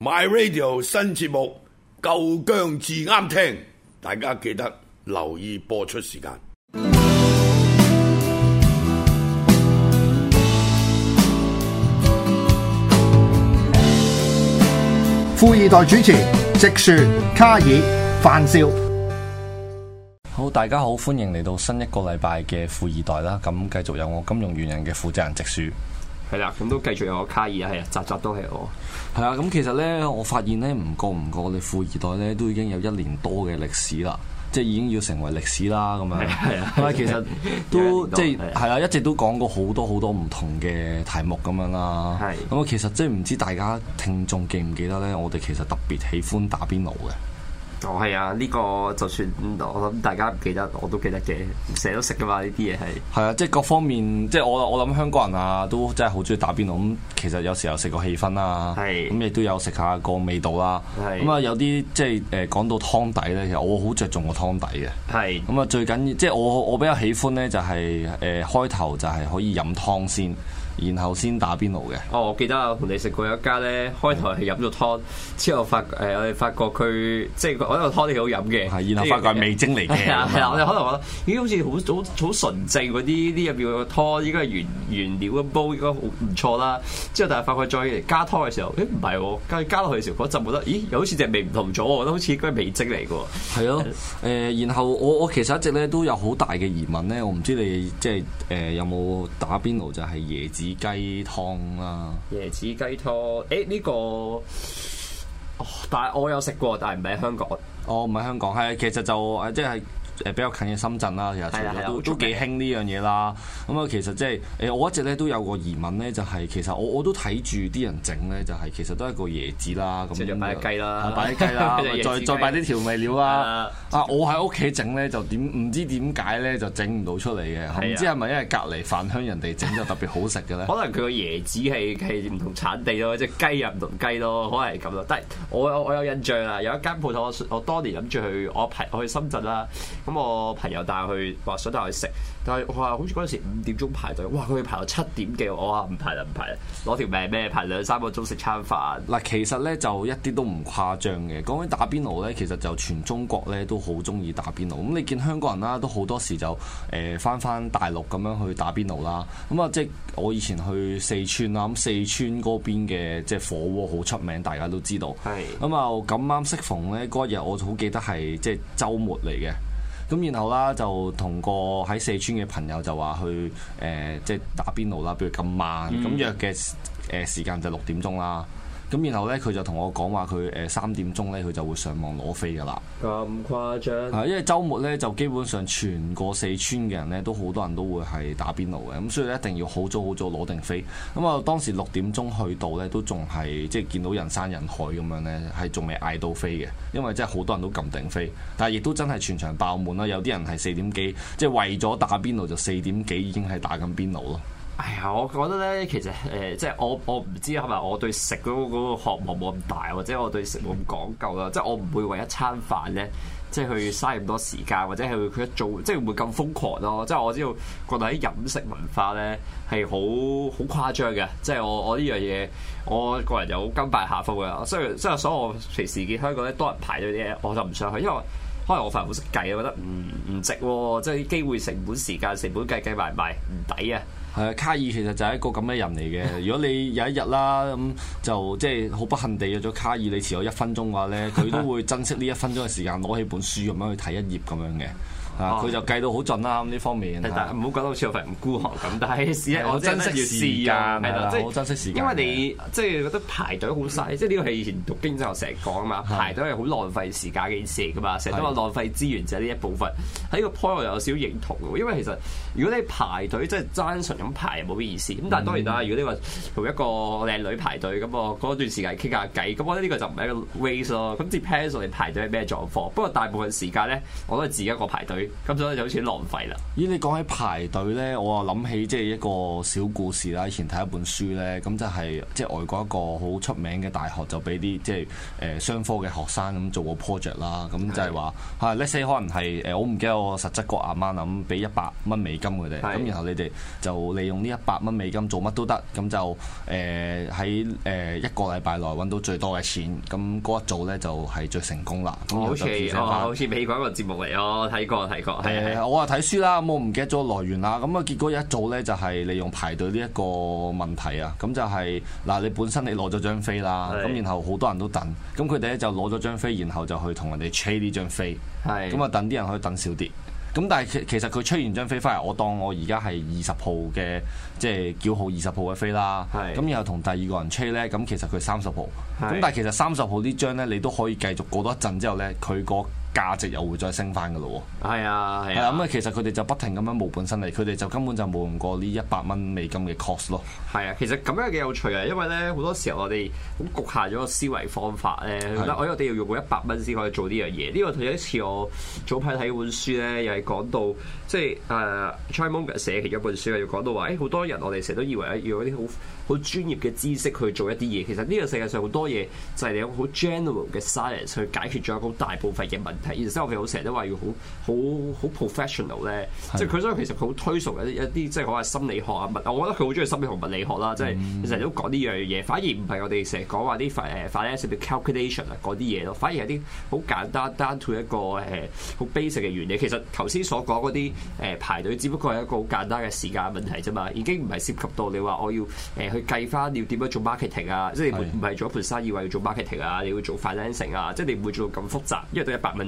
My Radio 新節目《舊姜至啱聽》，大家記得留意播出時間。富易袋主持直樹、卡爾、范少，好，大家好，歡迎嚟到新一個禮拜嘅富易袋啦！咁繼續有我金融元人嘅負責人直樹。係啦，咁都繼續有我卡爾啊，係啊，集集都係我。係啊，咁其實咧，我發現咧，唔過唔過，我哋富易袋咧，都已經有一年多嘅歷史啦，即係已經要成為歷史啦，咁的樣。係啊的，咁啊，其實 都即係係啊，的一直都講過好多好多唔同嘅題目咁樣啦。係的。咁啊，其實即係唔知大家聽眾記唔記得咧，我哋其實特別喜歡打邊爐嘅。哦，係啊！呢個就算、嗯、我諗大家唔記得，我都記得嘅，成日都食噶嘛呢啲嘢係。係啊，即係各方面，即係我我諗香港人啊，都真係好中意打邊爐。咁其實有時候食個氣氛啊，咁係、嗯、亦都有食下個味道啦。咁啊係、嗯，有啲即係誒、呃、講到湯底咧，其實我好着重個湯底嘅。係。咁啊，最緊要即係我我比較喜歡咧，就係誒開頭就係可以飲湯先，然後先打邊爐嘅。哦，我記得啊，同你食過一家咧，開頭係飲咗湯，之後發誒，我哋發覺佢即係我覺得湯都好飲嘅。係，然後發覺係味精嚟嘅。係啊，係啊。我哋可能覺得咦，好似好好好純正嗰啲啲入邊個湯，應該係原原料嘅煲，應該好唔錯啦。之後但係發覺再加湯嘅時候，咦唔係，跟住加落去嘅時候，我就覺得咦，又好似隻味唔同咗，我覺得好似應該係味精嚟嘅。係咯，誒，然後我我其實一直咧都有好大嘅疑問咧，我唔知你即係誒有冇打邊爐就係椰子。椰子雞湯、啊、椰子雞湯，誒、欸、呢、這個，但係我有食過，但係唔係香港，我唔係香港，係其實就誒即係。誒比較近嘅深圳啦，其實都都幾興呢樣嘢啦。咁啊，其實即係誒，我一直咧都有個疑問咧，就係其實我我都睇住啲人整咧，就係其實都係個椰子啦。咁樣買啲雞啦，買啲雞啦， 再再買啲調味料啦。啊，我喺屋企整咧就點？唔知點解咧就整唔到出嚟嘅。唔知係咪因為隔籬飯香人哋整就特別好食嘅咧？可能佢個椰子係係唔同產地咯，隻雞又唔同雞咯，可能係咁咯。但係我有我有印象啊，有一間鋪頭，我我當年諗住去，我我去深圳啦。咁、嗯、我朋友帶我去，話想帶我去食，但係我話好似嗰陣時五點鐘排隊，哇！佢哋排到七點幾，我話唔排啦，唔排啦，攞條命咩排兩三個鐘食餐飯嗱。其實咧就一啲都唔誇張嘅。講起打邊爐咧，其實就全中國咧都好中意打邊爐。咁、嗯、你見香港人啦，都好多時就誒翻翻大陸咁樣去打邊爐啦。咁、嗯、啊，即係我以前去四川啦，咁、嗯、四川嗰邊嘅即係火鍋好出名，大家都知道。係咁啊，咁啱、嗯嗯、適逢咧嗰日，我就好記得係即係週末嚟嘅。咁然後啦，就同個喺四川嘅朋友就話去、呃、即打邊爐啦。比如今晚咁約嘅誒時間就六點鐘啦。咁然後呢，佢就同我講話，佢誒三點鐘呢，佢就會上網攞飛噶啦。咁誇張？因為週末呢，就基本上全個四川嘅人呢，都好多人都會係打邊爐嘅，咁、嗯、所以一定要好早好早攞定飛。咁、嗯、啊，當時六點鐘去到呢，都仲係即係見到人山人海咁樣呢，係仲未嗌到飛嘅，因為真係好多人都撳定飛，但係亦都真係全場爆滿啦。有啲人係四點幾，即係為咗打邊爐就四點幾已經係打緊邊爐咯。哎呀，我覺得咧，其實誒、呃，即係我我唔知係咪我對食嗰個渴望冇咁大，或者我對食冇咁講究啦。即係我唔會為一餐飯咧，即係去嘥咁多時間，或者係佢一做即係唔會咁瘋狂咯。即係我知道國內啲飲食文化咧係好好誇張嘅。即係我我呢樣嘢，我個人又好甘拜下風嘅。雖然雖然所以所以我平時見香港咧多人排隊啲嘢，我就唔想去，因為可能我份人好識計，我覺得唔唔值喎。即係啲機會成本、時間成本計計埋埋唔抵啊。卡爾其實就係一個咁嘅人嚟嘅。如果你有一日啦，咁就即係好不幸地約咗卡爾，你遲咗一分鐘嘅話呢，佢都會珍惜呢一分鐘嘅時間，攞起本書咁樣去睇一頁咁樣嘅。佢就計到好盡啦，咁呢方面。但唔好覺得好似我份人孤寒咁。但係，我真係要時間。係啦，即係我珍惜時間。因為你即係覺得排隊好嘥，即係呢個係以前讀經濟學成日講啊嘛。排隊係好浪費時間嘅嘢嚟㗎嘛。成日都話浪費資源就係呢一部分。喺呢個 point 我有少少認同喎。因為其實如果你排隊真係單純咁排冇乜意思。咁但係當然啦，如果你話同一個靚女排隊咁啊，嗰段時間傾下偈，咁我覺得呢個就唔係個 waste 咯。咁 depends 我你排隊係咩狀況。不過大部分時間咧，我都係自己一個排隊。咁所以有錢浪費啦。咦，你講起排隊咧，我又諗起即係一個小故事啦。以前睇一本書咧，咁就係即係外國一個好出名嘅大學就，就俾啲即係誒商科嘅學生咁做個 project 啦。咁就係話嚇，呢些是的、啊、可能係誒我唔記得我實質個阿媽咁俾一百蚊美金佢哋，咁是的 然後你哋就利用呢一百蚊美金做乜都得，咁就誒喺誒一個禮拜內揾到最多嘅錢，咁嗰一組咧就係最成功啦、呃哦。好似、哦、好似美國一個節目嚟哦，我睇過。係係、嗯，我話睇書啦，咁我唔記得咗來源啦。咁啊，結果一早咧就係、是、利用排隊呢一個問題啊。咁就係、是、嗱，你本身你攞咗張飛啦，咁是的 然後好多人都等，咁佢哋咧就攞咗張飛，然後就去同人哋吹呢張飛。咁啊，等啲人可以等少啲。咁但係其實佢吹完張飛翻嚟，我當我而家係二十號嘅，即、就、係、是、叫號二十號嘅飛啦。咁，是的 然後同第二個人吹咧，咁其實佢三十號。咁，是的 但係其實三十號呢張咧，你都可以繼續過多一陣之後咧，佢個。價值又會再升翻㗎咯喎，係啊，係啊，咁啊、嗯、其實佢哋就不停咁樣冒本身嚟，佢哋就根本就冇用過呢一百蚊美金嘅 cost 咯。係啊，其實咁樣幾有趣啊，因為咧好多時候我哋咁、嗯、局限咗個思維方法咧，啊、我我哋要用一百蚊先可以做呢樣嘢。呢、啊、個睇一次我早排睇本書咧，又係講到即係誒 Charlie Munger 寫嘅本書啊，又講到話誒好多人我哋成日都以為要嗰啲好好專業嘅知識去做一啲嘢，其實呢個世界上好多嘢就係你用好 general 嘅 science 去解決咗一個大部分嘅問題。然之後我哋好成日都話要好好好 professional 咧，即係佢所以其實佢好推崇一啲即係我話心理學啊物，我覺得佢好中意心理學物理學啦，即係成日都講呢樣嘢，反而唔係我哋成日講話啲誒 finance calculation 啊嗰啲嘢咯，反而係啲好簡單 down to 一個誒好、uh, basic 嘅原理。其實頭先所講嗰啲誒排隊，只不過係一個好簡單嘅時間問題啫嘛，已經唔係涉及到你話我要誒、uh, 去計翻要點樣做 marketing 啊，是的 即係唔係做一盤生意或者做 marketing 啊，你要做 financing 啊，即係你唔會做到咁複雜，因為都一百蚊。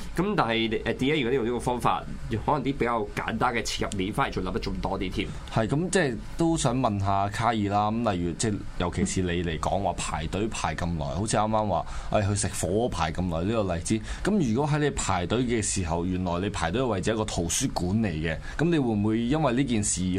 咁但係誒 d 如果用呢個方法，可能啲比較簡單嘅切入面，反而仲諗得仲多啲添。係咁，即係都想問下卡爾啦。咁例如即係尤其是你嚟講話排隊排咁耐，好似啱啱話誒去食火鍋排咁耐呢個例子。咁如果喺你排隊嘅時候，原來你排隊嘅位置係一個圖書館嚟嘅，咁你會唔會因為呢件事去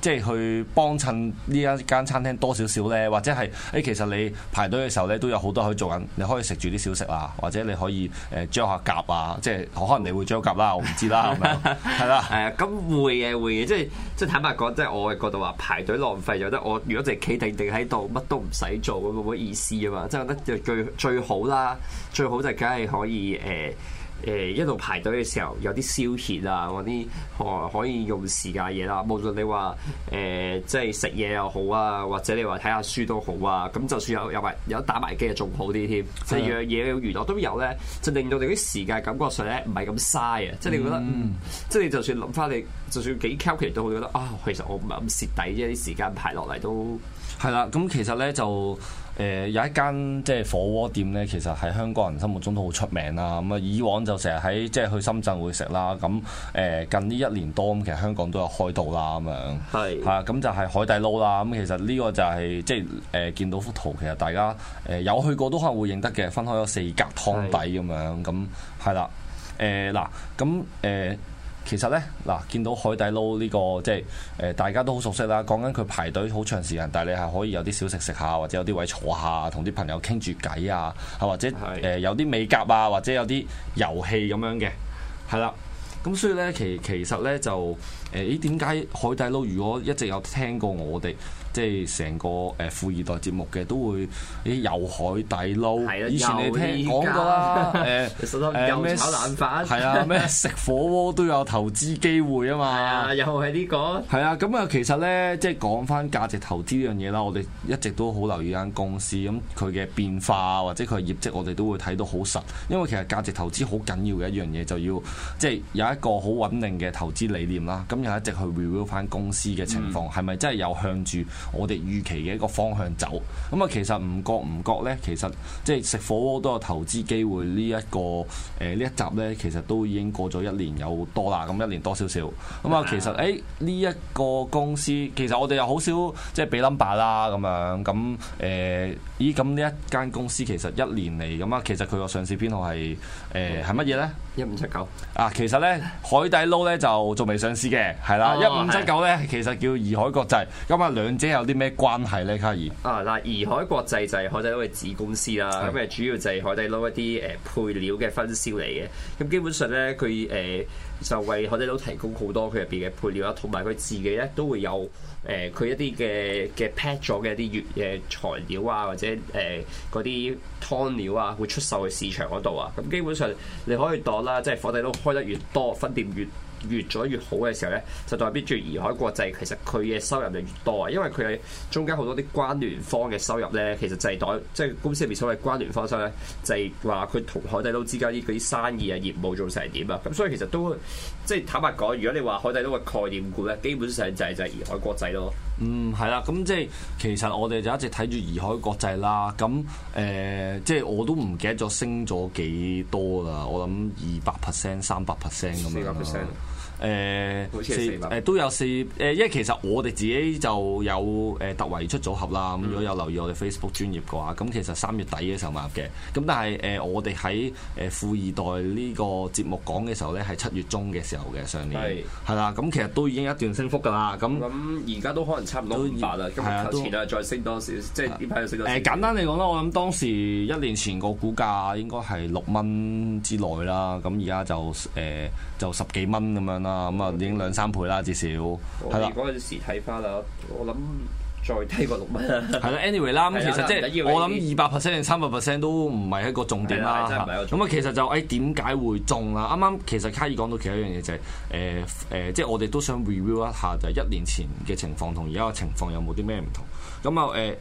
即係、就是、去幫襯呢一間餐廳多少少咧？或者係誒其實你排隊嘅時候咧都有好多可以做緊，你可以食住啲小食啊，或者你可以誒整下甲啊。啊！即係我可能你會將急啦，我唔知啦，咁樣，係咪？ 係啦。誒、 啊，咁會嘅會嘅，即係即係坦白講，即係我嘅角度話排隊浪費有得我如果淨係企定定喺度，乜都唔使做，有冇乜意思啊？嘛，即係我覺得最最好啦，最好就梗係可以誒。欸誒、欸、一路排隊嘅時候，有啲消遣啊，或啲可、哦、可以用時間嘢啦。無論你話誒、欸，即係食嘢又好啊，或者你話睇下書都好啊。咁就算有有埋有打埋機，仲好啲添。即係樣嘢嘅娛樂都有咧，就令到你啲時間感覺上咧唔係咁嘥啊。嗯、即係你覺得，即係你就算諗翻，你就算幾 care 都，會覺得啊、哦，其實我唔係咁蝕底啫。啲時間排落嚟都係啦。咁其實咧就。誒有一間即係火鍋店呢，其實喺香港人心目中都好出名啦。咁啊，以往就成日喺即係去深圳會食啦。咁誒近呢一年多咁，其實香港都有開到啦。咁樣係嚇，咁、嗯、就係、是、海底撈啦。咁其實呢個就係、是、即係誒見到幅圖，其實大家誒有去過都可能會認得嘅，分開咗四格湯底咁樣咁係啦。誒嗱咁誒。嗯嗯嗯嗯嗯其實呢，嗱，見到海底撈呢個即係大家都好熟悉啦。講緊佢排隊好長時間，但係你係可以有啲小食食下，或者有啲位坐下，同啲朋友傾住偈啊，或者是、呃、有啲美甲啊，或者有啲遊戲咁樣嘅，係啦。咁所以呢，其其實呢就。誒，點解、欸、海底撈？如果一直有聽過我哋即係成個誒、呃、富二代節目嘅，都會啲有、欸、海底撈。的以前你聽講過啦。有咩、這個欸、炒冷飯？係啊、欸，咩 食火鍋都有投資機會啊嘛。係又係呢、這個。係啊，咁啊，其實咧，即係講翻價值投資呢樣嘢啦。我哋一直都好留意間公司咁，佢嘅變化或者佢嘅業績，我哋都會睇到好實。因為其實價值投資好緊要嘅一樣嘢，就要即係有一個好穩定嘅投資理念啦。咁又一直去 review 翻公司嘅情況，係咪、嗯、真係有向住我哋預期嘅一個方向走？咁啊，其實唔覺唔覺呢？其實即係食火鍋都有投資機會呢一個，誒呢一集呢，其實都已經過咗一年有多啦，咁一年多少少。咁啊，其實誒呢一個公司，其實我哋又好少即係俾 number 啦，咁樣。咁誒咦？咁呢一間公司其實一年嚟，咁啊，其實佢個上市編號係誒係乜嘢呢？一五七九啊，其實咧海底撈咧就仲未上市嘅，係啦，一五七九咧其實叫怡海國際，咁啊兩者有啲咩關係咧？卡爾啊，嗱，怡海國際就係海底撈嘅子公司啦，咁誒是的 主要就係海底撈一啲誒配料嘅分銷嚟嘅，咁基本上咧佢誒就為海底撈提供好多佢入邊嘅配料啦，同埋佢自己咧都會有。誒佢、呃、一啲嘅嘅 pat 咗嘅一啲月嘅材料啊，或者誒嗰啲湯料啊，會出售去市場嗰度啊。咁、嗯、基本上你可以當啦，即係火底都開得越多，分店越。越咗越好嘅時候咧，就代表住怡海國際其實佢嘅收入就越多啊，因為佢係中間好多啲關聯方嘅收入咧，其實就係代即係公司入邊所謂關聯方收咧，就係話佢同海底撈之間啲嗰啲生意啊、業務做成點啊，咁所以其實都即係坦白講，如果你話海底撈嘅概念股咧，基本上就係就係怡海國際咯。嗯，係啦，咁即係其實我哋就一直睇住怡海國際啦，咁誒、呃，即係我都唔記得咗升咗幾多啦，我諗二百 percent、三百 percent 咁樣誒誒都有四誒，因為、呃、其實我哋自己就有誒、呃、特惠出組合啦。咁如果有留意我哋 Facebook 專頁嘅話，咁其實三月底嘅時候買嘅。咁但係誒、呃、我哋喺誒富二代呢個節目講嘅時候咧，係七月中嘅時候嘅上年係啦。咁是其實都已經一段升幅㗎啦。咁咁而家都可能差唔多五百啦。係再升多少，都即係呢排又升咗、呃。誒、呃、簡單嚟講啦，我諗當時一年前個股價應該係六蚊之內啦。咁而家就誒、呃、就十幾蚊咁樣。啊，咁啊、嗯，已經兩三倍、嗯、啦，至少係啦。如果時睇翻啦，我諗再低過六蚊。係 啦，anyway 啦，咁 其實即、就、係、是、 我諗二百 percent、三百 percent 都唔係一個重點啦。咁啊、 嗯，其實就誒點解會中啊？啱啱其實卡爾講到其他一樣嘢就係誒誒，即係我哋都想 review 一下，就係一年前嘅情況同而家嘅情況有冇啲咩唔同？咁啊誒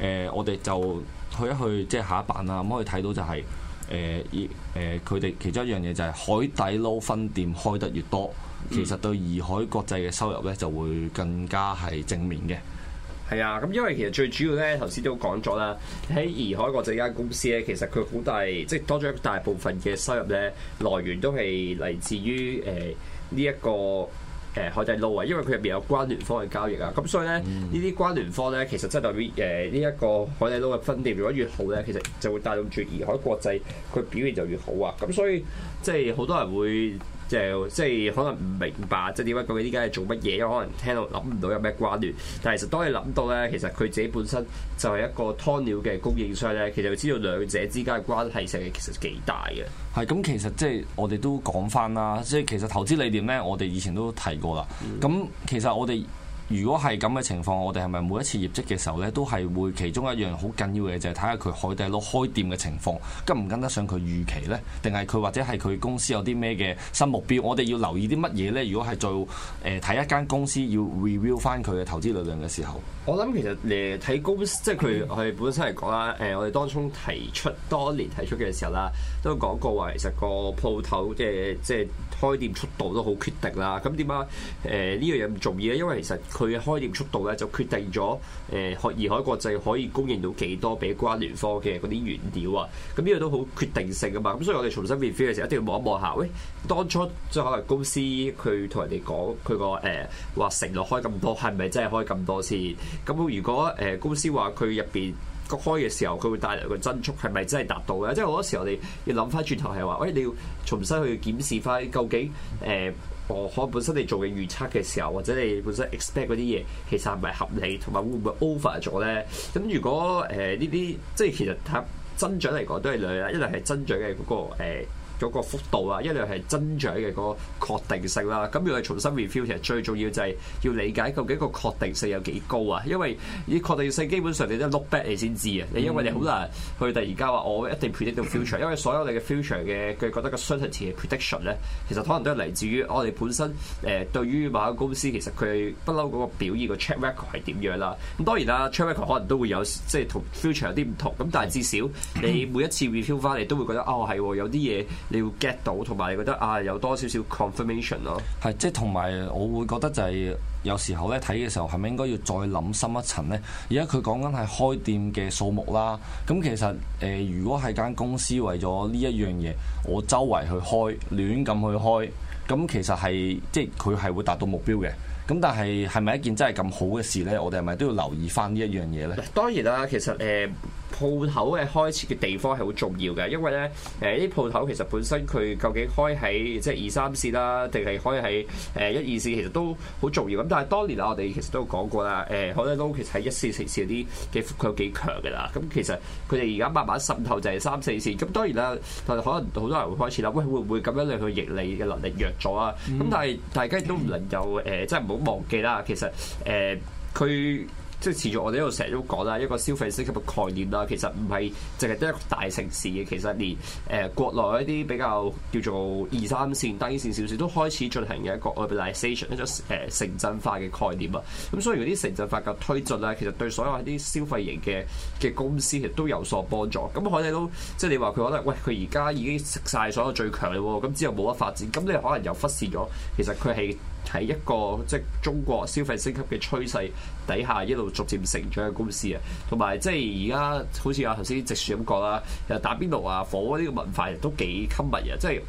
誒，我哋就去一去即係下一版啊，咁、嗯、可以睇到就係、是。誒，依佢哋其中一樣嘢就係海底撈分店開得越多，其實對頤海國際嘅收入咧就會更加係正面嘅。係啊，咁因為其實最主要咧，頭先都講咗啦，喺頤海國際間公司咧，其實佢好大，即係多咗一大部分嘅收入咧來源都係嚟自於誒呢一個。誒、呃、海底撈啊，因為佢入邊有關聯方嘅交易啊，咁所以咧呢啲、嗯、關聯方咧其實真係誒代表呢一個海底撈嘅分店，如果越好咧，其實就會帶動住怡海國際佢表現就越好啊，咁所以即係好多人會。就是、即係可能唔明白，即係點解究竟依家係做乜嘢，因為可能聽到諗唔到有咩關聯。但係其實當你諗到咧，其實佢自己本身就係一個湯料嘅供應商咧，其實佢知道兩者之間嘅關係性其實幾大嘅。係咁，其實即係我哋都講翻啦，即係其實投資理念咧，我哋以前都提過啦。咁、嗯、其實我哋。如果係咁嘅情況，我哋係咪每一次業績嘅時候呢，都係會其中一樣好緊要嘅就係睇下佢海底撈開店嘅情況跟唔跟得上佢預期呢？定係佢或者係佢公司有啲咩嘅新目標？我哋要留意啲乜嘢呢？如果係做誒睇一間公司要 review 翻佢嘅投資理論嘅時候，我諗其實睇公司，即係佢佢本身嚟講啦，我哋當初提出多年提出嘅時候啦，都講過話其實個鋪頭，即係即係開店速度都好決定啦。咁點解呢樣嘢咁重要呢？因為其實。佢嘅開店速度咧，就決定咗誒，頤海國際可以供應到幾多俾關聯方嘅嗰啲原料啊。咁呢個都好決定性啊嘛！咁所以我哋重新 review 嘅時候，一定要望一望下，喂，當初即係可能公司佢同人哋講佢個誒話承諾開咁多，係咪真係開咁多先？咁如果誒公司話佢入邊開嘅時候，佢會帶來嘅增速係咪真係達到咧？即係好多時候，我哋要諗翻轉頭係話，喂，你要重新去檢視翻，究竟誒？我可本身你做嘅預測嘅時候，或者你本身 expect 嗰啲嘢，其實係唔係合理，同埋會唔會 over 咗咧？咁如果誒呢啲，即係其實貪增長嚟講都係兩樣，一樣係增長嘅嗰、嗰個、呃嗰個幅度啊，一類係增長嘅嗰個確定性啦。咁如果你重新 review 其實，最重要就係要理解究竟個確定性有幾高啊？因為你確定性基本上你都 look back 你先知啊。你、嗯、因為你好難去突然間話我一定 predict 到 future、嗯、因為所有你嘅 future 嘅佢覺得個 certainty 嘅 prediction 咧，其實可能都係嚟自於我哋本身誒對於某個公司其實佢不嬲嗰個表現個 check record 係點樣啦。咁當然啦，check record 可能都會有即係同 future 有啲唔同。咁但係至少你每一次 review 翻嚟都會覺得哦係有啲嘢。你要 get 到，同埋你覺得啊有多少少 confirmation 咯。係，即係同埋我會覺得就係有時候咧睇嘅時候，係咪應該要再諗深一層咧？而家佢講緊係開店嘅數目啦。咁其實誒、呃，如果係間公司為咗呢一樣嘢，我周圍去開，亂咁去開，咁其實係即係佢係會達到目標嘅。咁但係係咪一件真係咁好嘅事咧？我哋係咪都要留意翻呢一樣嘢咧？當然啦，其實誒。呃鋪頭嘅開設嘅地方係好重要嘅，因為咧誒啲鋪頭其實本身佢究竟開喺即係二三線啦，定係開喺誒、呃、一二線，其實都好重要。咁但係當年啊，我哋其實都講過啦，誒海登都其實喺一線城市嗰啲嘅佢有幾強㗎啦。咁、嗯、其實佢哋而家慢慢滲透就係三四線。咁、嗯、當然啦，但可能好多人會開始諗，會唔會咁樣令佢盈利嘅能力弱咗啊？咁、嗯嗯嗯嗯、但係大家亦都唔能夠誒，即係唔好忘記啦。其實誒佢。呃即係持續，我哋喺度成日都講啦，一個消費升級嘅概念啦，其實唔係淨係得一個大城市嘅，其實連誒、呃、國內一啲比較叫做二三線、低線小市都開始進行嘅一個 urbanization 一種誒城鎮化嘅概念啊。咁、嗯、所以嗰啲城鎮化嘅推進啊，其實對所有一啲消費型嘅嘅公司亦都有所幫助。咁我哋都即係你話佢覺得：「喂，佢而家已經食晒所有最強嘞喎，咁之後冇得發展，咁你可能又忽視咗其實佢係。喺一個即係中國消費升級嘅趨勢底下，一路逐漸成長嘅公司啊，同埋即係而家好似阿頭先直樹咁講啊，又打邊爐啊，火鍋呢、啊、個文化都幾吸密啊。即係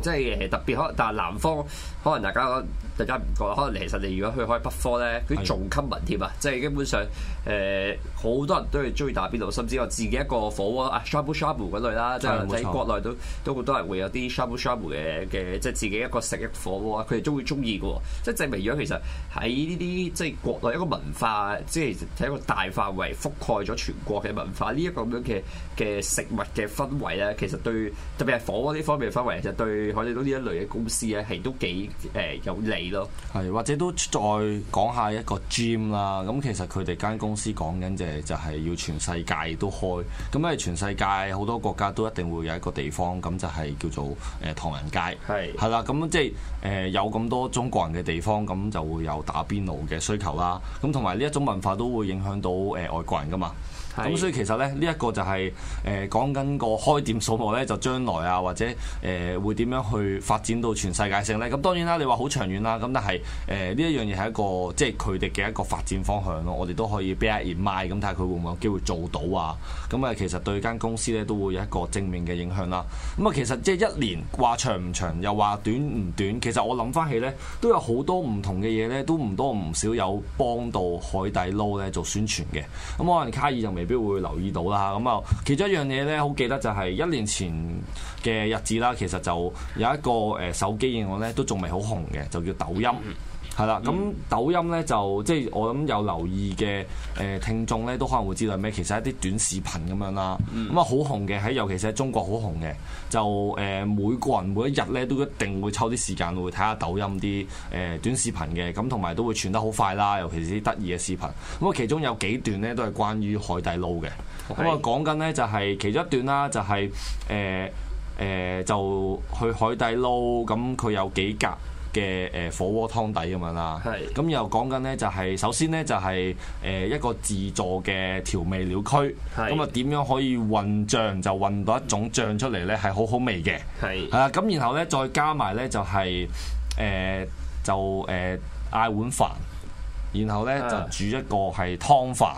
即係特別可能，但係南方。可能大家大家唔覺，可能其實你如果去開北科咧，佢仲吸引添啊！是即係基本上誒，好、呃、多人都係中意打邊爐，甚至我自己一個火鍋啊，Shabu Shabu 嗰類啦，即係喺國內都都好多人會有啲 Shabu Shabu 嘅嘅，即係自己一個食一火鍋啊，佢哋都會中意嘅喎。即係證明咗其實喺呢啲即係國內一個文化，即係喺一個大範圍覆蓋咗全國嘅文化呢一個咁樣嘅嘅食物嘅氛圍咧，其實對特別係火鍋呢方面嘅氛圍，其實對海底撈呢一類嘅公司咧係都幾。誒有理咯，係或者都再講一下一個 gym 啦。咁其實佢哋間公司講緊嘅就係要全世界都開。咁因為全世界好多國家都一定會有一個地方，咁就係、係、叫做誒唐人街。係係係啦，咁即係誒有咁多中國人嘅地方，咁就會有打邊爐嘅需求啦。咁同埋呢一種文化都會影響到誒外國人㗎嘛。咁所以其實咧，呢一個就係、是、誒、呃、講緊個開店數目咧，就將來啊或者誒、呃、會點樣去發展到全世界性咧？咁當然啦，你話好長遠啦，咁但係誒呢一樣嘢係一個即係佢哋嘅一個發展方向咯。我哋都可以 bear in mind 咁，睇下佢會唔會有機會做到啊？咁、嗯、啊，其實對間公司咧都會有一個正面嘅影響啦。咁、嗯、啊，其實即係一年話長唔長，又話短唔短，其實我諗返起咧，都有好多唔同嘅嘢咧，都唔多唔少有幫到海底撈咧做宣傳嘅。咁、嗯、可能卡爾就未必會留意到啦，咁啊，其中一樣嘢咧，好記得就係一年前嘅日子啦。其實就有一個誒手機應用咧，都仲未好紅嘅，就叫抖音。係啦，咁抖音呢，就即係我諗有留意嘅誒、呃、聽眾呢，都可能會知道咩？其實一啲短視頻咁樣啦，咁啊好紅嘅喺，尤其是喺中國好紅嘅，就誒、呃、每個人每一日呢，都一定會抽啲時間會睇下抖音啲誒、呃、短視頻嘅，咁同埋都會傳得好快啦，尤其是啲得意嘅視頻。咁、嗯、啊，其中有幾段呢，都係關於海底撈嘅，咁啊的講緊呢、就係，就係其中一段啦、就係，就係誒誒就去海底撈，咁佢有幾格。嘅誒、呃、火鍋湯底咁樣啦，咁又講緊呢，就係首先呢，就係誒一個自助嘅調味料區，咁啊點樣可以混醬就混到一種醬出嚟呢？係好好味嘅，係啊咁然後呢，再加埋呢、就係呃，就係誒就誒嗌碗飯，然後呢，就煮一個係湯飯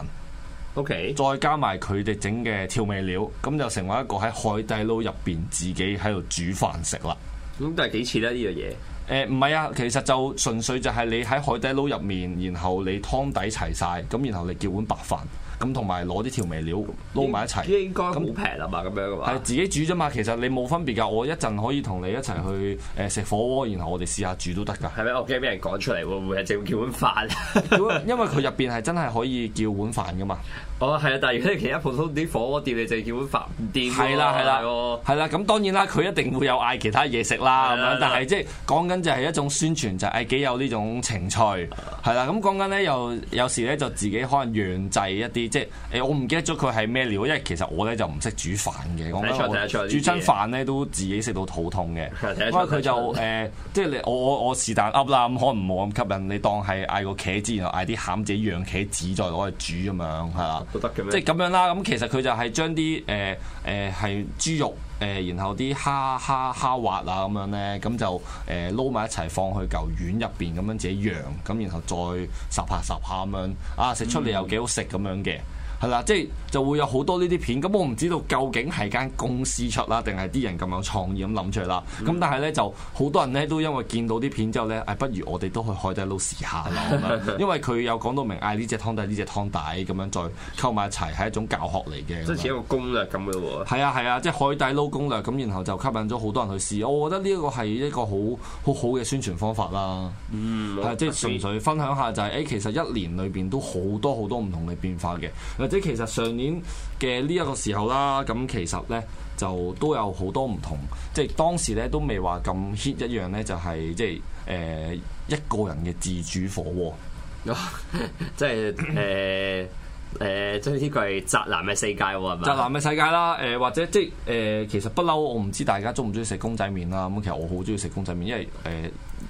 ，OK，再加埋佢哋整嘅調味料，咁是就成為一個喺海底撈入邊自己喺度煮飯食啦。咁都係幾似啦，呢樣嘢？誒唔係啊，其實就純粹就係你喺海底撈入面，然後你湯底齊晒，咁然後你叫碗白飯。咁同埋攞啲調味料撈埋一齊，應該好平啊嘛，咁樣嘅話，係自己煮啫嘛。其實你冇分別㗎。我一陣可以同你一齊去誒食火鍋，然後我哋試下煮都得㗎。係咪我驚俾人講出嚟會唔會係淨叫碗飯？因為佢入邊係真係可以叫碗飯㗎嘛。哦，係啊，但係如果你其他普通啲火鍋店，你淨叫碗飯唔掂㗎。係啦，係啦，係啦。咁當然啦，佢一定會有嗌其他嘢食啦，係嘛？但係即係講緊就係一種宣傳，就係幾有呢種情趣係啦。咁講緊咧，又有時咧就自己可能原製一啲。即係誒，我唔記得咗佢係咩料，因為其實我咧就唔識煮飯嘅，講緊我煮餐飯咧都自己食到肚痛嘅。因為佢就誒，看看呃、即係你，我 我我是但噏啦，可能唔冇咁吸引。你當係嗌個茄子，然後嗌啲餡自己釀茄子再攞去煮咁樣，係嘛？得嘅即係咁樣啦。咁其實佢就係將啲誒誒係豬肉。誒，然後啲蝦蝦蝦滑啊咁樣呢，咁就誒撈埋一齊放去嚿丸入邊，咁樣自己揚，咁然後再十下十下咁樣，啊食出嚟又幾好食咁樣嘅。係啦，即係 就是、會有好多呢啲片，咁我唔知道究竟係間公司出啦，定係啲人咁有創意咁諗出嚟啦。咁、嗯、但係咧，就好多人咧都因為見到啲片之後咧，誒、啊、不如我哋都去海底撈試下啦。 因為佢有講到明，誒呢隻湯底呢隻湯底咁樣再溝埋一齊，係一種教學嚟嘅，即係一個攻略咁嘅喎。係啊係啊，即係海底撈攻略咁，然後就吸引咗好多人去試。我覺得呢一個係一個好好好嘅宣傳方法啦。嗯，嗯即係純粹分享下就係、是，誒、欸、其實一年裏邊都好多好多唔同嘅變化嘅。即係其實上年嘅呢一個時候啦，咁其實呢就都有好多唔同，即係當時咧都未話咁 hit 一樣呢，就係、是、即係誒、呃、一個人嘅自主火鍋， 即係誒誒，即係呢個係宅男嘅世界喎，宅男嘅世界啦，誒、呃、或者即係、呃、其實不嬲，我唔知大家中唔中意食公仔麪啦。咁其實我好中意食公仔麪，因為誒。呃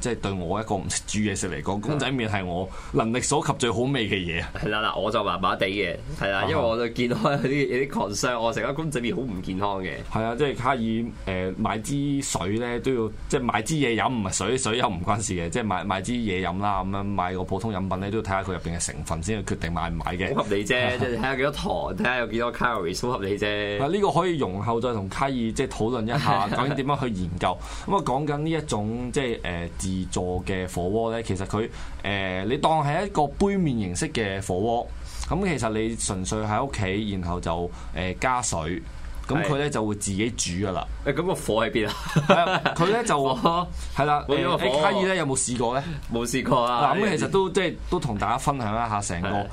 即係對我一個唔識煮嘢食嚟講，公仔麪係我能力所及最好味嘅嘢。係啦，嗱，我就麻麻地嘅，係啦，因為我就見開啲有啲 concern 我成粒公仔麪好唔健康嘅。係啊，即係卡爾誒、呃、買支水咧都要，即係買支嘢飲唔係水，水又唔關事嘅，即係買買支嘢飲啦咁樣，買個普通飲品咧都要睇下佢入邊嘅成分先去決定買唔買嘅。符合理你啫， 即係睇下幾多糖，睇下有幾多卡路里，符合你啫。啊，呢個可以容後再同卡爾即係討論一下，究竟點樣去研究。咁啊，講緊呢一種即係誒、呃自助嘅火鍋呢，其實佢誒、呃、你當係一個杯麵形式嘅火鍋，咁其實你純粹喺屋企，然後就誒加水，咁佢呢就會自己煮噶啦。咁、欸咁個火喺邊啊？佢 呢就係啦。你卡爾呢，有冇試過呢？冇試過啊。咁其實都的即係都同大家分享一下成個。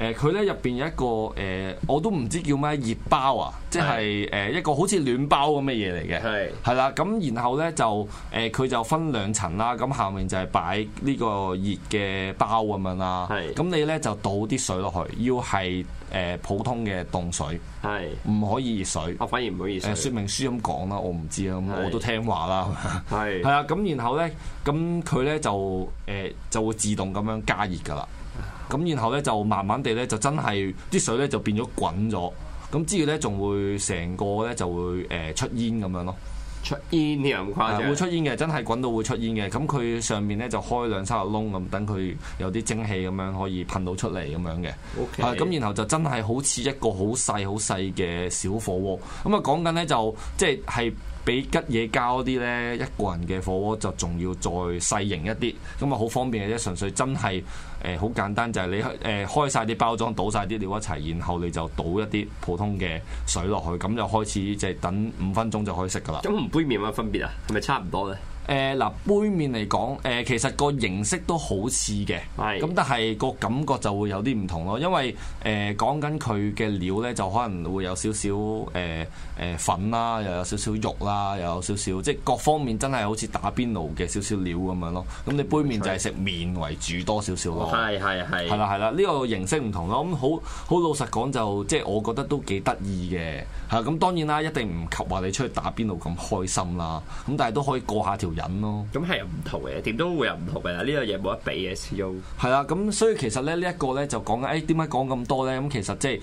誒，佢咧入邊有一個誒、呃，我都唔知叫咩熱包啊，即係誒一個好似暖包咁嘅嘢嚟嘅，係啦是。咁然後咧就誒，佢、呃、就分兩層啦。咁下面就係擺是的 呢個熱嘅包咁樣啦。係咁你咧就倒啲水落去，要係誒、呃、普通嘅凍水，係唔是的 可以熱水。我反而唔可以熱水、呃。說明書咁講啦，我唔知啊，是的 我都聽話啦。係係啊，咁然後咧，咁佢咧就誒、呃、就會自動咁樣加熱噶啦。咁，然後咧就慢慢地咧，就真係啲水咧就變咗滾咗。咁之後咧，仲會成個咧就會誒出煙咁樣咯，出煙呢，咁誇張？會出煙嘅，真係滾到會出煙嘅。咁佢上面咧就開兩三粒窿咁，等佢有啲蒸氣咁樣可以噴到出嚟咁樣嘅。O K，啊，咁然後就真係好似一個好細好細嘅小火鍋。咁啊，講緊咧就即係係比吉野家啲咧一個人嘅火鍋就仲要再細型一啲。咁啊，好方便嘅啫，純粹真係。誒好、呃、簡單就係、是、你誒、呃、開晒啲包裝，倒晒啲料一齊，然後你就倒一啲普通嘅水落去，咁就開始就係、等五分鐘就可以食㗎啦。咁同杯麵有乜分別啊？係咪差唔多咧？誒嗱、呃，杯麵嚟講，誒、呃、其實個形式都好似嘅，咁是但係個感覺就會有啲唔同咯，因為誒、呃、講緊佢嘅料咧，就可能會有少少誒誒、呃、粉啦，又有少少肉啦，又有少少即係各方面真係好似打邊爐嘅少少料咁樣咯。咁你杯麵就係食麵為主多少少咯。係係係。係啦係啦，呢、這個形式唔同咯。咁好好老實講，就即係我覺得都幾得意嘅嚇。咁當然啦，一定唔及話你出去打邊爐咁開心啦。咁但係都可以過下條。引咯，咁係又唔同嘅，點都會又唔同嘅啦。呢、呢樣嘢冇得比嘅，始終係啦。咁 所以其實咧，呢一個咧就講緊，誒點解講咁多咧？咁其實即係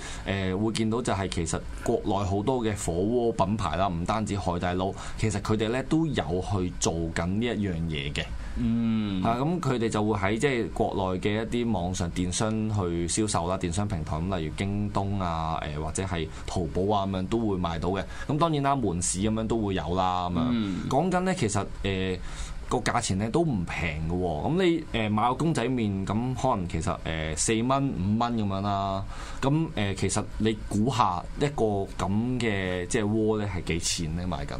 誒會見到就係其實國內好多嘅火鍋品牌啦，唔單止海底撈，其實佢哋咧都有去做緊呢一樣嘢嘅。嗯，係咁佢哋就會喺即係國內嘅一啲網上電商去銷售啦，電商平台咁，例如京東啊，誒、呃、或者係淘寶啊咁樣都會買到嘅。咁當然啦，門市咁樣都會有啦咁樣。講緊咧，其實誒個、呃、價錢咧都唔平嘅。咁、嗯、你誒買個公仔麵咁，可能其實誒四蚊五蚊咁樣啦。咁、嗯、誒、呃、其實你估下一個咁嘅即係鍋咧係幾錢咧？買緊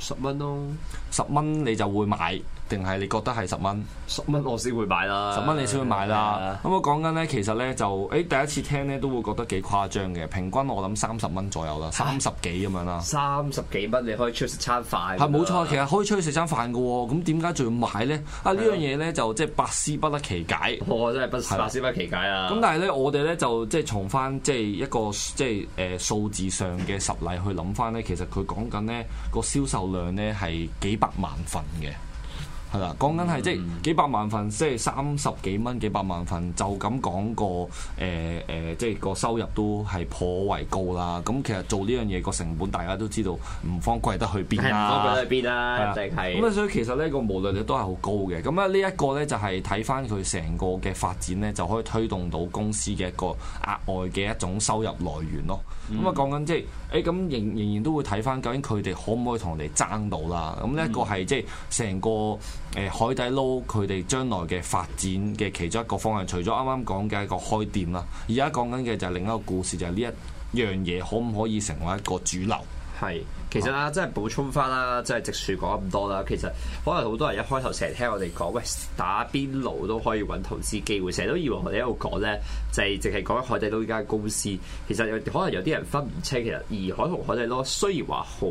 十蚊咯、哦，十蚊你就會買。定係你覺得係十蚊，十蚊我先會買啦，十蚊你先會買啦。咁我講緊呢，其實呢，就誒、欸、第一次聽呢都會覺得幾誇張嘅。平均我諗三十蚊左右啦，三十幾咁樣啦，三十幾蚊你可以出食餐飯係冇、啊、錯，其實可以出去食餐飯嘅喎、哦。咁點解仲要買呢？啊呢樣嘢呢，就即、是、係百思不得其解，我、哦、真係吧百思不得其解啊！咁但係呢，我哋呢，就即係從翻即係一個即係誒數字上嘅實例去諗翻呢，其實佢講緊呢個銷售量呢，係幾百萬份嘅。嗯。係啦，講緊係即係幾百萬份，即係三十幾蚊幾百萬份，就咁講個誒誒，即係個收入都係頗為高啦。咁其實做呢樣嘢個成本，大家都知道唔方貴得去邊啦、啊，去邊啦，咁所以其實呢個毛利率都係好高嘅。咁啊呢一個呢，就係睇翻佢成個嘅發展呢，就可以推動到公司嘅一個額外嘅一種收入來源咯。咁啊講緊即係誒咁，嗯欸、仍仍然都會睇翻究竟佢哋可唔可以同我哋爭到啦。咁呢一個係即係成個。海底撈佢哋將來嘅發展嘅其中一個方向，除咗啱啱講嘅一個開店啦，而家講緊嘅就係另一個故事，就係呢一樣嘢可唔可以成為一個主流？係。其實啦，即係補充翻啦，即係直樹講咁多啦。其實可能好多人一開頭成日聽我哋講，喂打邊爐都可以揾投資機會，成日都以為我哋喺度講呢，就係淨係講海底撈呢間公司。其實有可能有啲人分唔清，其實頤海同海底撈雖然話好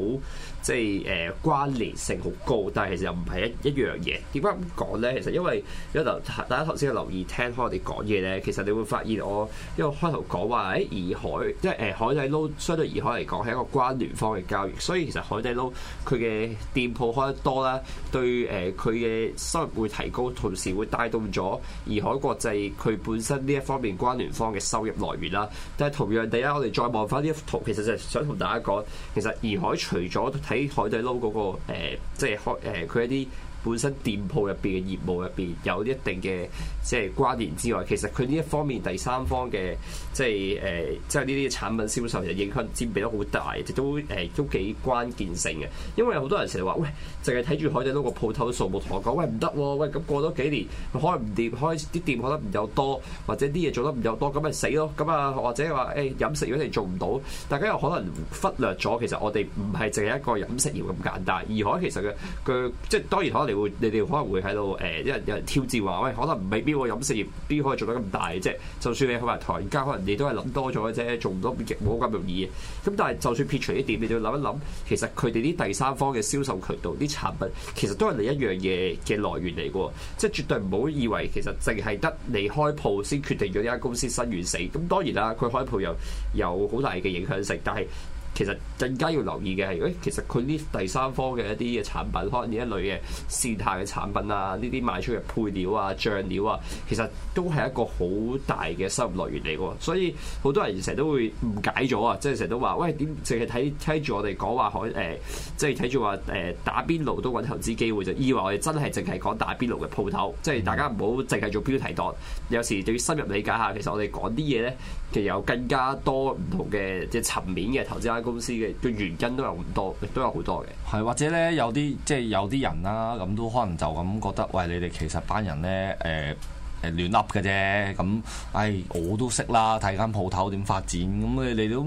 即係誒、呃、關聯性好高，但係其實又唔係一一樣嘢。點解咁講呢？其實因為有大家頭先留意聽開我哋講嘢呢，其實你會發現我一、欸、因為開頭講話誒，頤海即係海底撈相對頤海嚟講係一個關聯方嘅交易，所以其實海底撈佢嘅店鋪開得多啦，對誒佢嘅收入會提高，同時會帶動咗怡海國際佢本身呢一方面關聯方嘅收入來源啦。但係同樣地啊，我哋再望返呢一幅圖，其實就係想同大家講，其實怡海除咗睇海底撈嗰、嗰個、呃、即係開誒佢、呃、一啲。本身店鋪入邊嘅業務入邊有一定嘅即係關聯之外，其實佢呢一方面第三方嘅即係誒即係呢啲產品銷售，其實影響佔比都好大，亦都誒、呃、都幾關鍵性嘅。因為好多人成日話喂，淨係睇住海底撈個鋪頭數目同我講喂唔得，喂咁、哦、過多幾年，開唔掂，開啲店開得唔有多，或者啲嘢做得唔有多，咁咪死咯。咁啊，或者話誒飲食如果你做唔到，大家又可能忽略咗，其實我哋唔係淨係一個飲食業咁簡單，而海其實佢佢即係當然可能。會，你哋可能會喺度誒，一人有人挑戰話，喂，可能唔係邊個飲食業邊可以做得咁大嘅啫。就算你去埋唐人街，可能你都係諗多咗嘅啫，做唔到冇咁容易嘅。咁但係就算撇除呢點，你都要諗一諗，其實佢哋啲第三方嘅銷售渠道、啲產品，其實都係另一樣嘢嘅來源嚟嘅。即係絕對唔好以為其實淨係得你開鋪先決定咗呢間公司生與死。咁當然啦，佢開鋪又有好大嘅影響性，但係。其實更加要留意嘅係，誒、哎，其實佢呢第三方嘅一啲嘅產品，可能呢一類嘅線下嘅產品啊，呢啲賣出嘅配料啊、醬料啊，其實都係一個好大嘅收入來源嚟嘅，啊。所以好多人成日都會誤解咗啊，即係成日都話，喂，點淨係睇聽住我哋講話可誒，即係睇住話誒打邊爐都搵投資機會就以為我哋真係淨係講打邊爐嘅鋪頭，即係大家唔好淨係做標題黨。有時要深入理解下，其實我哋講啲嘢咧，其實有更加多唔同嘅即係層面嘅投資。公司嘅個原因都有好多，亦都有好多嘅。係或者咧，有啲即係有啲人啦、啊，咁都可能就咁覺得，喂，你哋其實班人咧，誒、呃、誒、呃、亂笠嘅啫。咁、嗯，唉我都識啦，睇間鋪頭點發展。咁、嗯、你哋都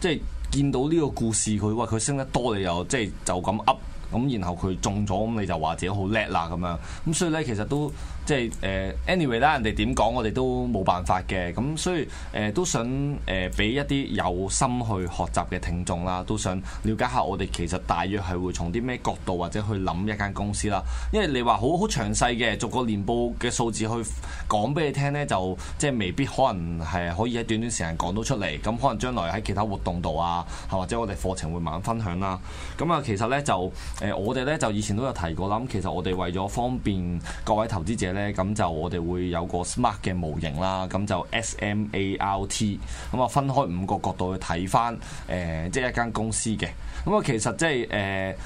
即係見到呢個故事，佢話佢升得多，你又即係就咁噏咁，然後佢中咗，咁、嗯、你就話自己好叻啦咁樣。咁、嗯、所以咧，其實都。即係 anyway 啦，人哋點講我哋都冇辦法嘅，咁所以誒、呃、都想誒俾、呃、一啲有心去學習嘅聽眾啦，都想了解下我哋其實大約係會從啲咩角度或者去諗一間公司啦。因為你話好好詳細嘅，逐個年報嘅數字去講俾你聽咧，就即係未必可能係可以喺短短時間講到出嚟。咁可能將來喺其他活動度啊，或者我哋課程會慢慢分享啦。咁啊，其實咧就誒、呃、我哋咧就以前都有提過啦。咁其實我哋為咗方便各位投資者。咧，咁就我哋會有個 smart 嘅模型啦，咁就 S M A R T，咁啊分開五個角度去睇翻，誒即係一間公司嘅，咁啊其實即係誒誒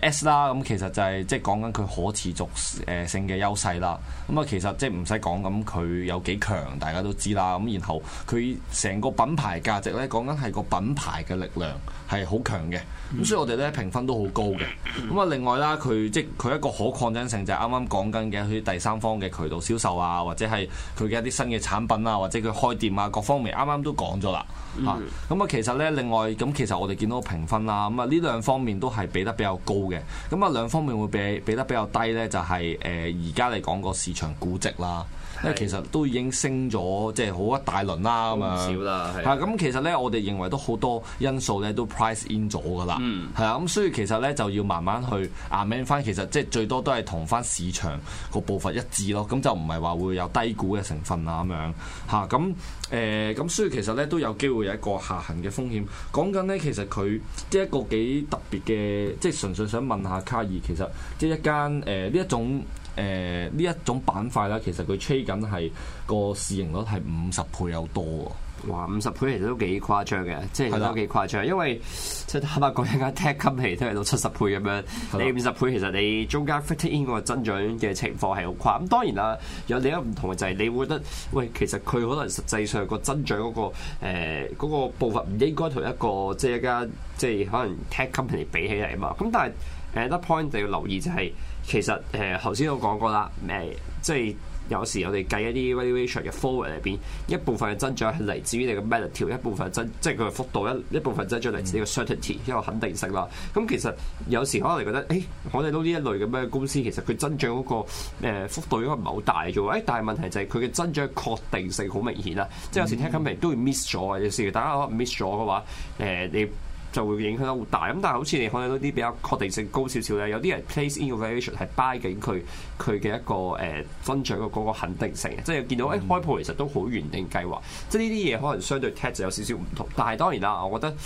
S 啦，咁其實就係即係講緊佢可持續誒性嘅優勢啦，咁啊其實即係唔使講咁佢有幾強大家都知啦，咁然後佢成個品牌價值咧講緊係個品牌嘅力量係好強嘅，咁所以我哋咧評分都好高嘅，咁啊另外啦，佢即係佢一個可擴張性就係啱啱講緊嘅，佢第三方。嘅渠道銷售啊，或者係佢嘅一啲新嘅產品啊，或者佢開店啊，各方面啱啱都講咗啦嚇。咁、嗯、啊，其實呢，另外咁，其實我哋見到評分啦，咁啊呢兩方面都係比得比較高嘅。咁啊兩方面會比比得比較低呢，就係誒而家嚟講個市場估值啦。因為其實都已經升咗，即係好一大輪啦咁樣。少啦，係。嚇咁，嗯、其實咧，我哋認為都好多因素咧都 price in 咗噶啦。嗯。係啊，咁所以其實咧就要慢慢去 amend 翻。其實即係最多都係同翻市場個步伐一致咯。咁就唔係話會有低估嘅成分啊咁樣。嚇咁，誒、呃、咁，所以其實咧都有機會有一個下行嘅風險。講緊咧，其實佢即係一個幾特別嘅，即係純粹想問下卡爾，其實即係一間誒呢一種。誒呢、呃、一種板塊啦，其實佢吹緊係個市盈率係五十倍有多喎。哇！五十倍其實都幾誇張嘅，即係都幾誇張，因為即係坦白講，一間 tech company 都係到七十倍咁樣，的你五十倍其實你中間 fitted in 個增長嘅情況係好快。咁當然啦，有另一個唔同嘅就係你會覺得，喂，其實佢可能實際上個增長嗰、那個誒嗰、呃那個、步伐唔應該同一個即係、就是、一間即係可能 tech company 比起嚟啊嘛。咁但係誒，The Point 就要留意就係、是。其實誒頭先都講過啦，誒、呃、即係有時我哋計一啲 valuation 嘅 forward 入邊，一部分嘅增長係嚟自於你嘅 margin 調，一部分增即係佢嘅幅度一一部分增長嚟自呢個 certainty、嗯、一個肯定性啦。咁、嗯嗯、其實有時可能你覺得誒、欸，我哋都呢一類咁樣公司，其實佢增長嗰、那個、呃、幅度應該唔係好大啫喎、欸。但係問題就係佢嘅增長確定性好明顯啦！嗯、即係有時 t 咁嚟都會 miss 咗，有時大家可能 miss 咗嘅話誒、呃、你。就會影響得好大咁，但係好似你睇到啲比較確定性高少少咧，有啲人 place innovation 係擺緊佢佢嘅一個誒、呃、增長嘅嗰個肯定性即係見到誒、嗯、開鋪其實都好原定計劃，即係呢啲嘢可能相對睇就有少少唔同，但係當然啦，我覺得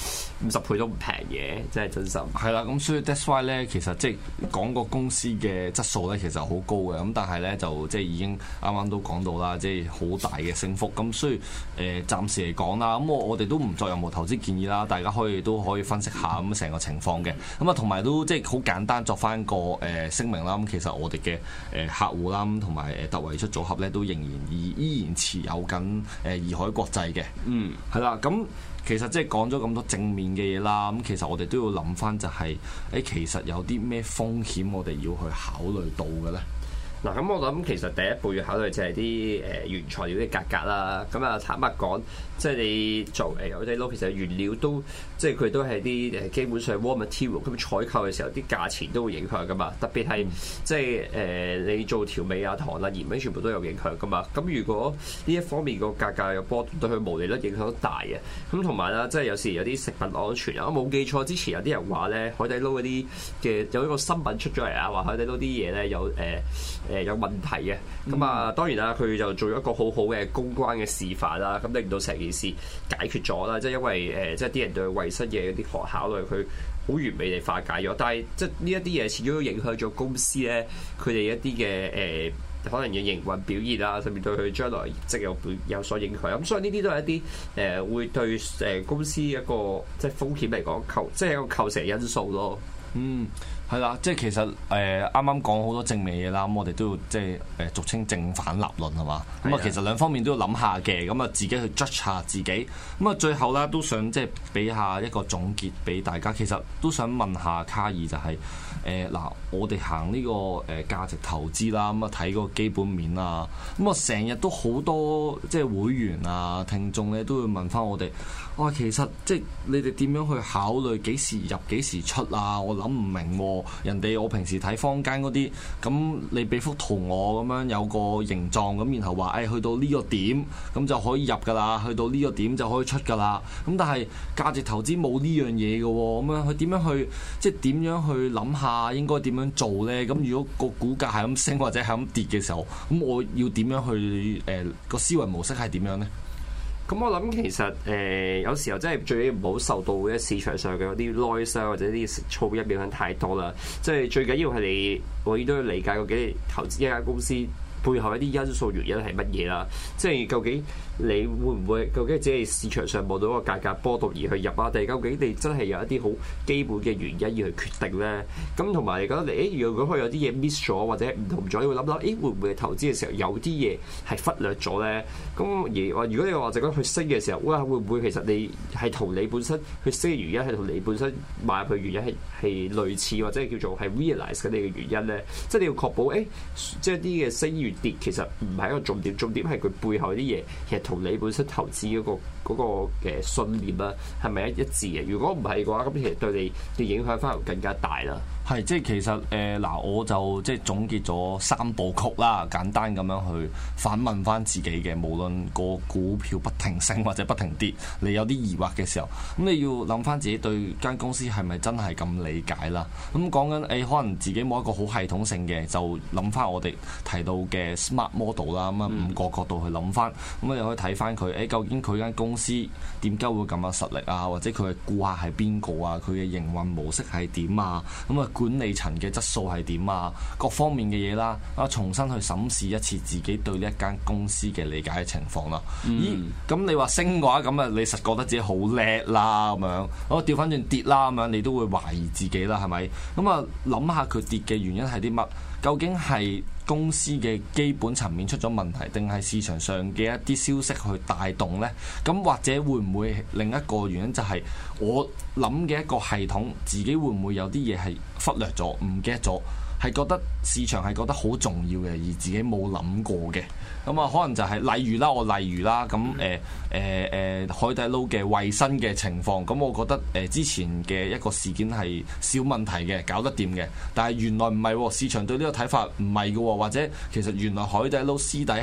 五十倍都唔平嘅，即係真心。係啦、啊，咁所以 that's why 咧，其實即係講個公司嘅質素咧，其實好高嘅，咁但係咧就即係已經啱啱都講到啦，即係好大嘅升幅，咁所以誒、呃、暫時嚟講啦，咁我我哋都唔作任何投資建議啦，大家可以都可以可以分析下咁成個情況嘅，咁啊同埋都即係好簡單作翻個誒聲明啦。咁其實我哋嘅誒客戶啦，同埋特惠出組合咧，都仍然而依然持有緊誒怡海國際嘅。嗯，係啦。咁其實即係講咗咁多正面嘅嘢啦。咁其實我哋都要諗翻、就係，就係誒其實有啲咩風險，我哋要去考慮到嘅呢？嗱咁、啊嗯，我諗其實第一步要考慮就係啲誒原材料嘅價格格啦。咁、嗯、啊，坦白講，即係你做誒海底撈，Day L o、其實原料都即係佢都係啲誒基本上 raw material 咁採購嘅時候，啲價錢都會影響噶嘛。特別係即係誒、呃、你做調味啊、糖啦、鹽咧，全部都有影響噶嘛。咁如果呢一方面個價格嘅波動，對佢毛利率影響大嘅。咁同埋啦，即係有時有啲食品安全啊。我冇記錯之前有啲人話咧，海底撈嗰啲嘅有一個新品出咗嚟啊，話海底撈啲嘢咧有誒。誒有問題嘅，咁啊、嗯、當然啦，佢就做咗一個好好嘅公關嘅示範啦，咁令到成件事解決咗啦。即係因為誒、呃，即係啲人對衞生嘢一啲嘅考慮，佢好完美地化解咗。但係即係呢一啲嘢，始終都影響咗公司咧，佢哋一啲嘅誒，可能嘅營運表現啊，甚至對佢將來業績有有所影響。咁、嗯、所以呢啲都係一啲誒、呃，會對誒公司一個即係風險嚟講，構即係一個構成因素咯。嗯。係啦，即係其實誒啱啱講好多正面嘢啦，咁我哋都要即係誒俗稱正反立論係嘛，咁啊的其實兩方面都要諗下嘅，咁啊自己去 judge 下自己，咁啊最後啦都想即係俾下一個總結俾大家，其實都想問下卡爾就係誒嗱，我哋行呢個誒價值投資啦，咁啊睇個基本面啊，咁啊成日都好多即係會員啊聽眾咧都會問翻我哋。我其實即係你哋點樣去考慮幾時入幾時出啊？我諗唔明喎、哦。人哋我平時睇坊間嗰啲，咁你俾幅圖我咁樣有個形狀咁，然後話誒、哎、去到呢個點咁就可以入㗎啦，去到呢個點就可以出㗎啦。咁但係價值投資冇呢樣嘢嘅喎，咁樣佢點樣去即係點樣去諗下應該點樣做呢？咁如果個股價係咁升或者係咁跌嘅時候，咁我要點樣去誒、呃個思維模式係點樣咧？咁、嗯、我諗其實誒、呃、有時候真係最緊要唔好受到呢市場上嘅嗰啲 noise 啊或者啲噪音影響太多啦，即係最緊要係你我亦都要理解究竟投資一間公司背後一啲因素原因係乜嘢啦？即係究竟你會唔會，究竟只係市場上望到個價格波動而去入啊？定係究竟你真係有一啲好基本嘅原因要去決定咧？咁同埋你覺得你誒、如果佢有啲嘢 miss 咗或者唔同咗，你會諗到誒會唔會投資嘅時候有啲嘢係忽略咗咧？咁而話如果你話就講講去升嘅時候，哇，會唔會其實你係同你本身去升嘅原因係同你本身買入嘅原因係係類似或者叫做係 realize 你嘅原因咧？即係你要確保誒即係啲嘅升其實唔係一個重點，重點係佢背後啲嘢，其實同你本身投資嗰個。嗰個嘅信念啊，係咪一一致嘅、啊？如果唔係嘅話，咁其實對你嘅影響反而更加大啦。係即係其實誒嗱、呃，我就即係總結咗三部曲啦，簡單咁樣去反問翻自己嘅。無論個股票不停升或者不停跌，你有啲疑惑嘅時候，咁你要諗翻自己對間公司係咪真係咁理解啦？咁講緊誒可能自己冇一個好系統性嘅，就諗翻我哋提到嘅 Smart Model 啦，咁啊五個角度去諗翻，咁、嗯、你又可以睇翻佢誒究竟佢間公公司點解會咁嘅實力啊，或者佢嘅顧客係邊個啊？佢嘅營運模式係點啊？咁啊，管理層嘅質素係點啊？各方面嘅嘢啦，啊，重新去審視一次自己對呢一間公司嘅理解嘅情況啦。咦、嗯，咁你話升嘅話，咁啊，你實覺得自己好叻啦咁樣。我調翻轉跌啦咁樣，你都會懷疑自己啦，係咪？咁啊，諗下佢跌嘅原因係啲乜？究竟係公司嘅基本層面出咗問題，定係市場上嘅一啲消息去帶動呢？咁或者會唔會另一個原因就係我諗嘅一個系統，自己會唔會有啲嘢係忽略咗、唔記得咗，係覺得市場係覺得好重要嘅，而自己冇諗過嘅？咁啊、嗯，可能就係、是、例如啦，我例如啦，咁誒誒誒海底撈嘅衞生嘅情況，咁我覺得誒之前嘅一個事件係小問題嘅，搞得掂嘅。但係原來唔係、哦，市場對呢個睇法唔係嘅，或者其實原來海底撈私底下誒、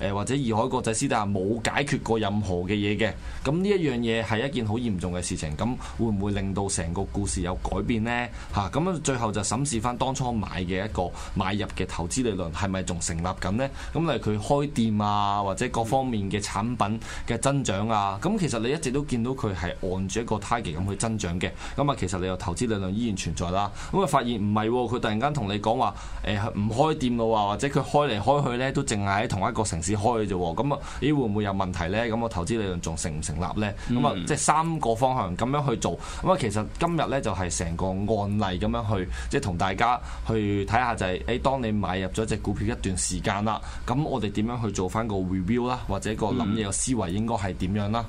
呃、或者二海國際私底下冇解決過任何嘅嘢嘅。咁呢一樣嘢係一件好嚴重嘅事情。咁會唔會令到成個故事有改變呢？嚇、啊，咁最後就審視返當初買嘅一個買入嘅投資理論係咪仲成立緊呢？咁嚟佢。開店啊，或者各方面嘅產品嘅增長啊，咁其實你一直都見到佢係按住一個胎期咁去增長嘅，咁啊其實你有投資理論依然存在啦。咁啊發現唔係喎，佢突然間同你講話誒唔開店咯或者佢開嚟開去呢，都淨係喺同一個城市開嘅啫、哦。咁啊咦會唔會有問題呢？咁個投資理論仲成唔成立呢？咁啊即係三個方向咁樣去做。咁啊其實今日呢，就係成個案例咁樣去即係同大家去睇下就係、是、誒、欸，當你買入咗隻股票一段時間啦，咁我哋。點樣去做翻個 review 啦，或者個諗嘢嘅思維應該係點樣啦？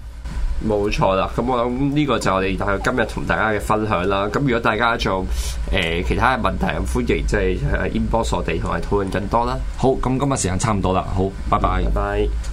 冇、嗯、錯啦，咁我諗呢個就係我今日同大家嘅分享啦。咁如果大家仲有、誒、呃、其他嘅問題，歡迎即係 inbox 我哋同埋討論更多啦。嗯、好，咁今日時間差唔多啦，好，拜拜。嗯、拜，拜。拜拜。